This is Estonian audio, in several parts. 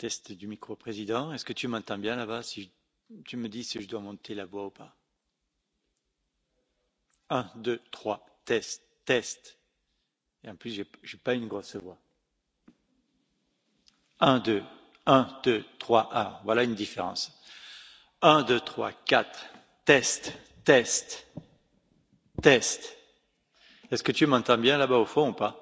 test du micro président est ce que tu m'entends bien là bas si tu me dis si je dois monter la voix ou pas un deux trois test test et en plus j'ai pas une grosse voix un deux un deux trois ah voilà une différence un deux trois quatre test test test est ce que tu m'entends bien là bas au fond ou pas?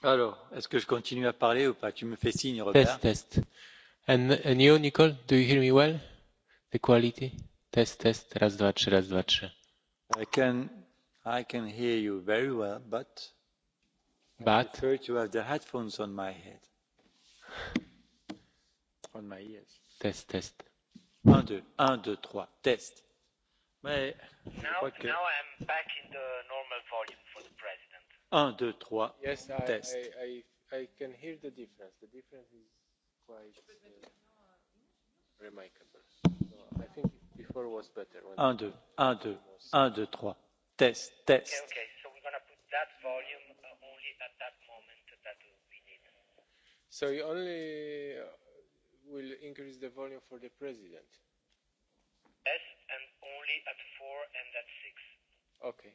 test test and and you nicole do you hear me well the quality test test raz dwa trzy raz dwa trzy i can i can hear you very well but but I prefer to have the headphones on my head on my ears test test un deux un deux trois test mais now, je crois que... now I'm back in the normal volume. Un, deux, trois. Yes, I, test. I, I, I can hear the difference. The difference is quite uh, remarkable. So I think before was better. When un, deux, un, deux, un, deux, trois. Test, test. Okay, okay. So we're going to put that volume uh, only at that moment that we need. So you only uh, will increase the volume for the president? Yes, and only at four and at six. Okay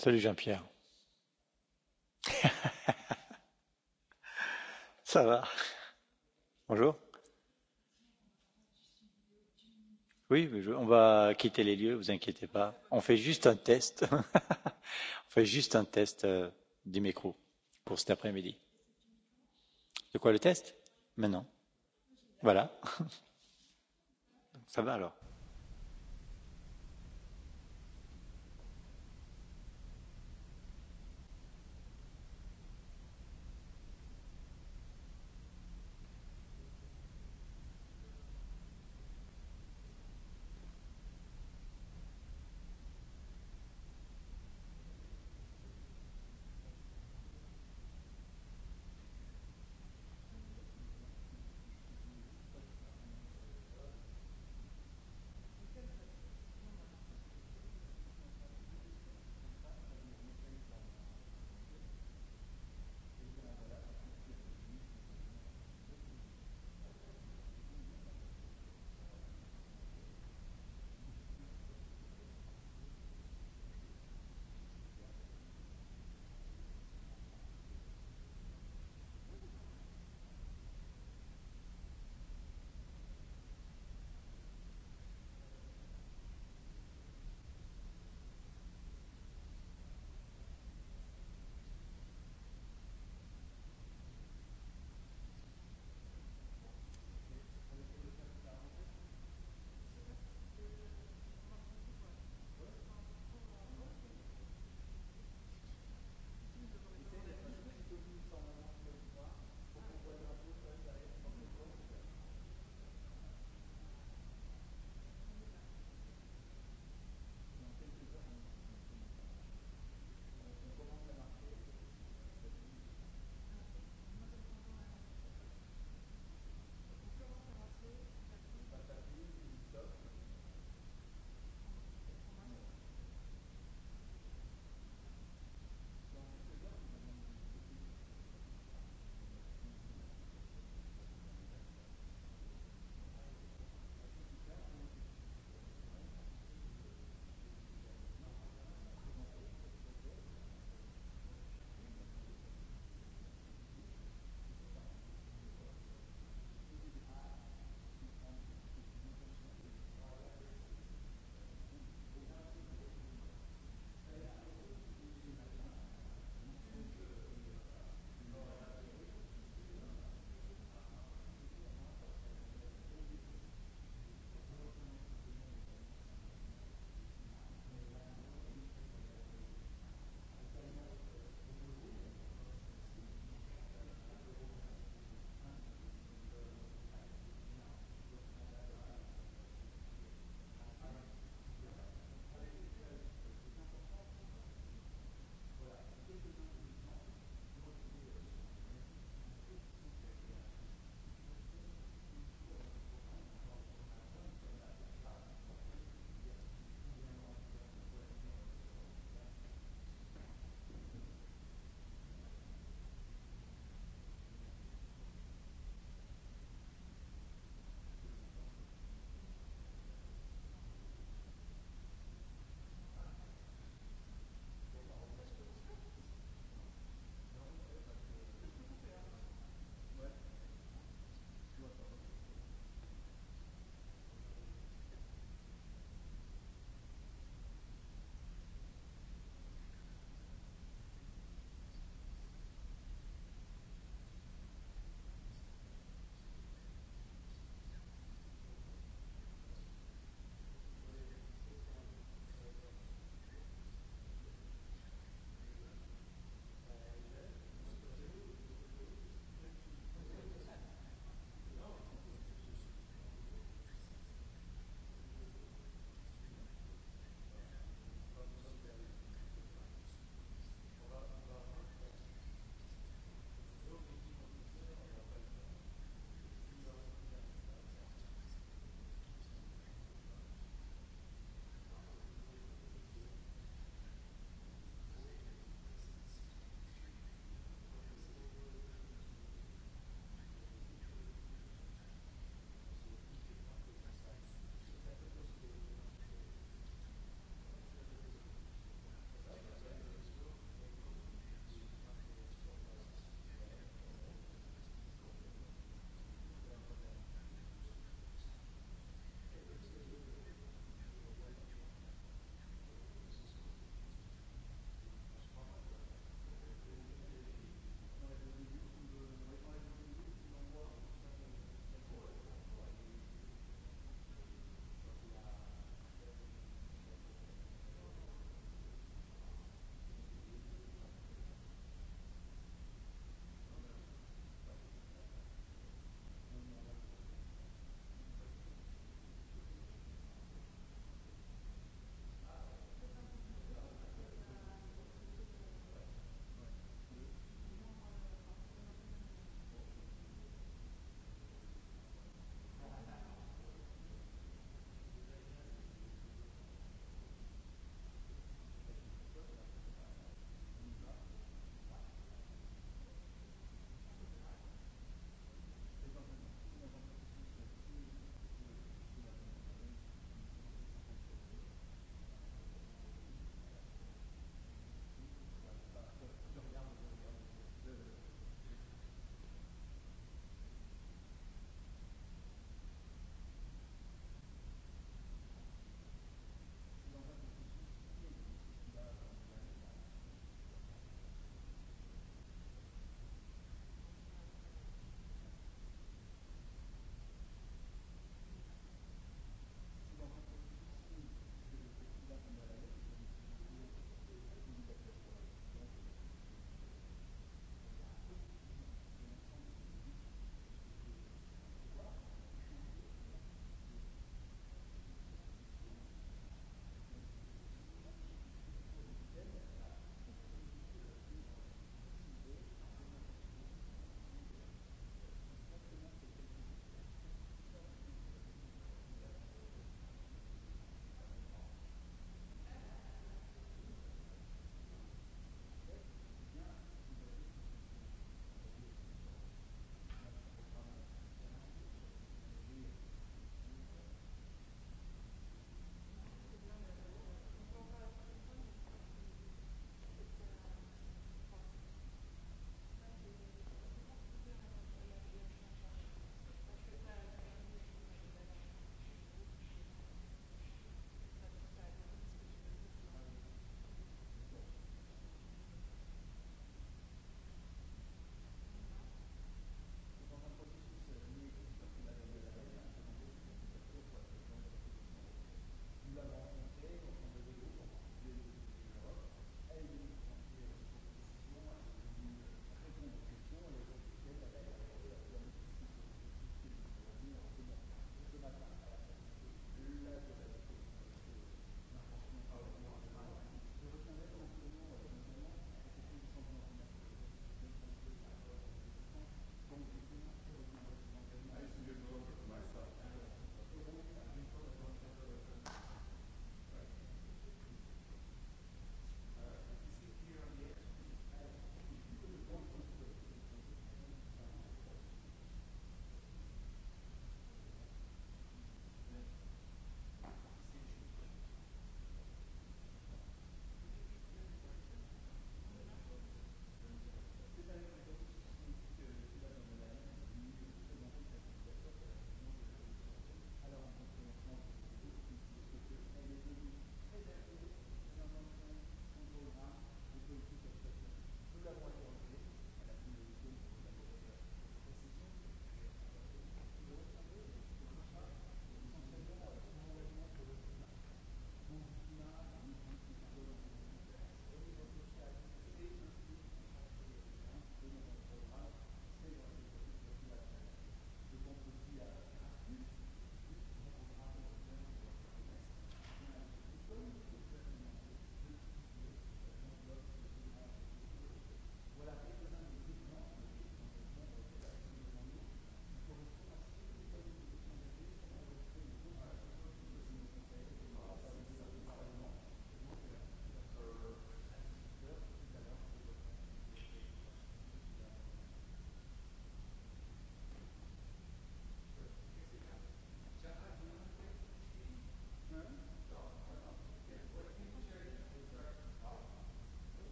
salut jean pierre ça va bonjour oui mais je- on va quitter les lieux vous inquiétez pas on fait juste un test on fait juste un test euh, du micro pour cet après midi de quoi le test maintenant voilà ça va alors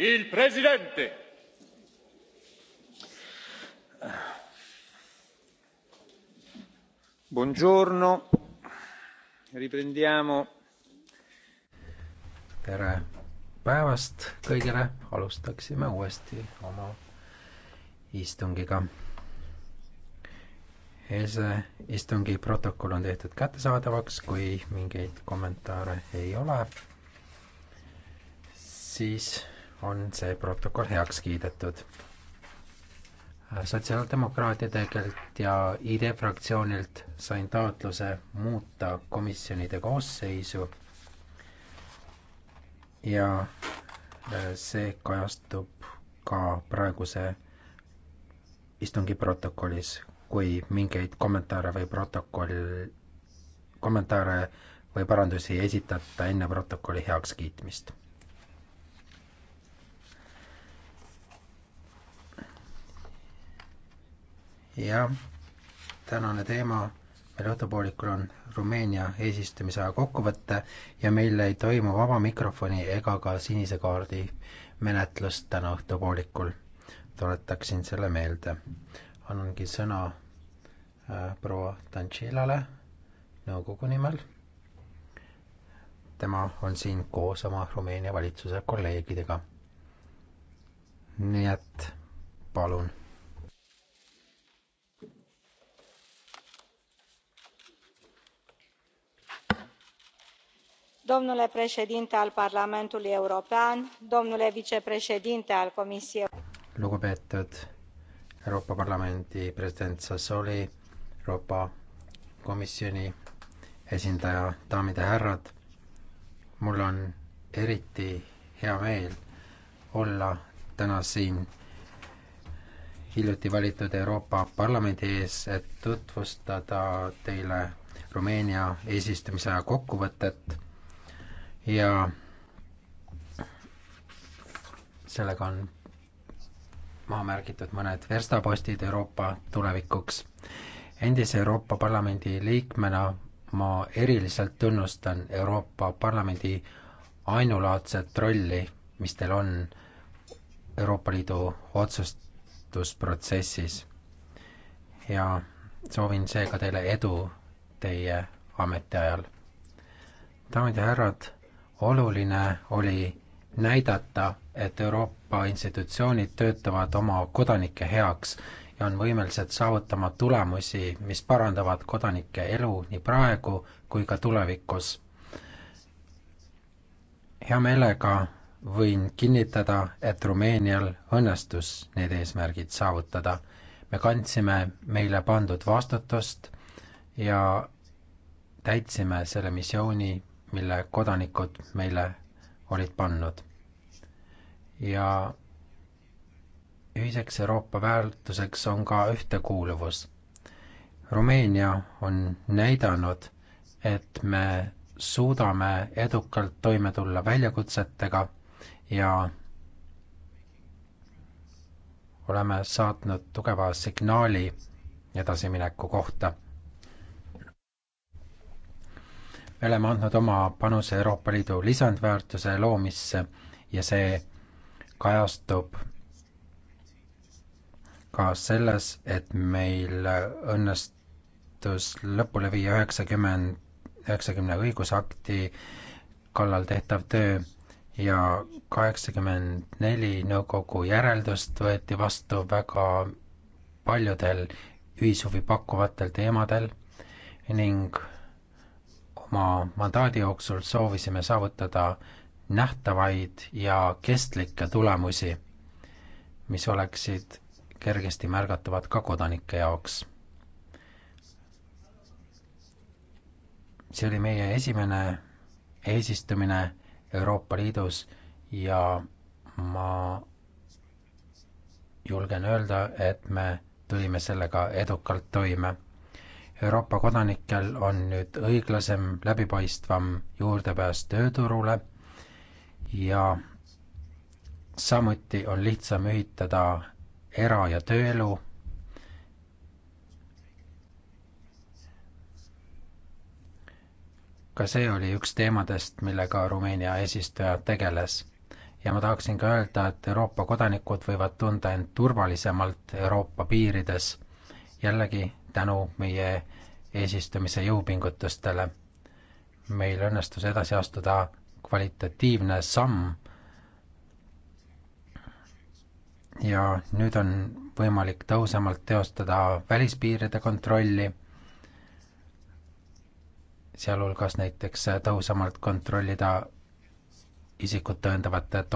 il presidente buongiorno riprendiamo tere päevast kõigile alustaksime uuesti oma istungiga eilse istungi protokoll on tehtud kättesaadavaks kui mingeid kommentaare ei ole siis on see protokoll heaks kiidetud. sotsiaaldemokraatidelt ja ID fraktsioonilt sain taotluse muuta komisjonide koosseisu ja äh, see kajastub ka praeguse istungi protokollis, kui mingeid kommentaare või protokoll, kommentaare või parandusi ei esitata enne protokolli heakskiitmist ja tänane teema meil õhtupoolikul on Rumeenia eesistumise aja kokkuvõte ja meil ei toimu vaba mikrofoni ega ka sinise kaardi menetlust täna õhtupoolikul. tuletaksin selle meelde. annangi sõna äh, proua Tantšilale nõukogu nimel. tema on siin koos oma Rumeenia valitsuse kolleegidega. nii et palun domnule președinte al parlamentului european domnule vicepreședinte al comisiei lugupeetud euroopa parlamendi president sassoli euroopa komisjoni esindaja daamid ja härrad mul on eriti hea meel olla täna siin hiljuti valitud Euroopa Parlamendi ees, et tutvustada teile Rumeenia eesistumisaja kokkuvõtet ja sellega on maha märgitud mõned verstapostid Euroopa tulevikuks. endise Euroopa Parlamendi liikmena ma eriliselt tunnustan Euroopa Parlamendi ainulaadset rolli, mis teil on Euroopa Liidu otsustusprotsessis. ja soovin seega teile edu teie ametiajal. daamid ja härrad oluline oli näidata, et Euroopa institutsioonid töötavad oma kodanike heaks ja on võimelised saavutama tulemusi, mis parandavad kodanike elu nii praegu kui ka tulevikus. hea meelega võin kinnitada, et Rumeenial õnnestus need eesmärgid saavutada. me kandsime meile pandud vastutust ja täitsime selle missiooni mille kodanikud meile olid pannud. ja ühiseks Euroopa väärtuseks on ka ühtekuuluvus. Rumeenia on näidanud, et me suudame edukalt toime tulla väljakutsetega ja oleme saatnud tugeva signaali edasimineku kohta me oleme andnud oma panuse Euroopa Liidu lisandväärtuse loomisse ja see kajastub ka selles, et meil õnnestus lõpule viia üheksakümmend, üheksakümne õigusakti kallal tehtav töö ja kaheksakümmend neli nõukogu järeldust võeti vastu väga paljudel ühishuvi pakkuvatel teemadel ning oma mandaadi jooksul soovisime saavutada nähtavaid ja kestlikke tulemusi, mis oleksid kergesti märgatavad ka kodanike jaoks. see oli meie esimene eesistumine Euroopa Liidus ja ma julgen öelda, et me tulime sellega edukalt toime Euroopa kodanikel on nüüd õiglasem, läbipaistvam juurdepääs tööturule ja samuti on lihtsam ühitada era- ja tööelu. ka see oli üks teemadest, millega Rumeenia eesistuja tegeles ja ma tahaksin ka öelda, et Euroopa kodanikud võivad tunda end turvalisemalt Euroopa piirides. jällegi tänu meie eesistumise jõupingutustele. meil õnnestus edasi astuda kvalitatiivne samm ja nüüd on võimalik tõhusamalt teostada välispiiride kontrolli, sealhulgas näiteks tõhusamalt kontrollida isikut tõendavate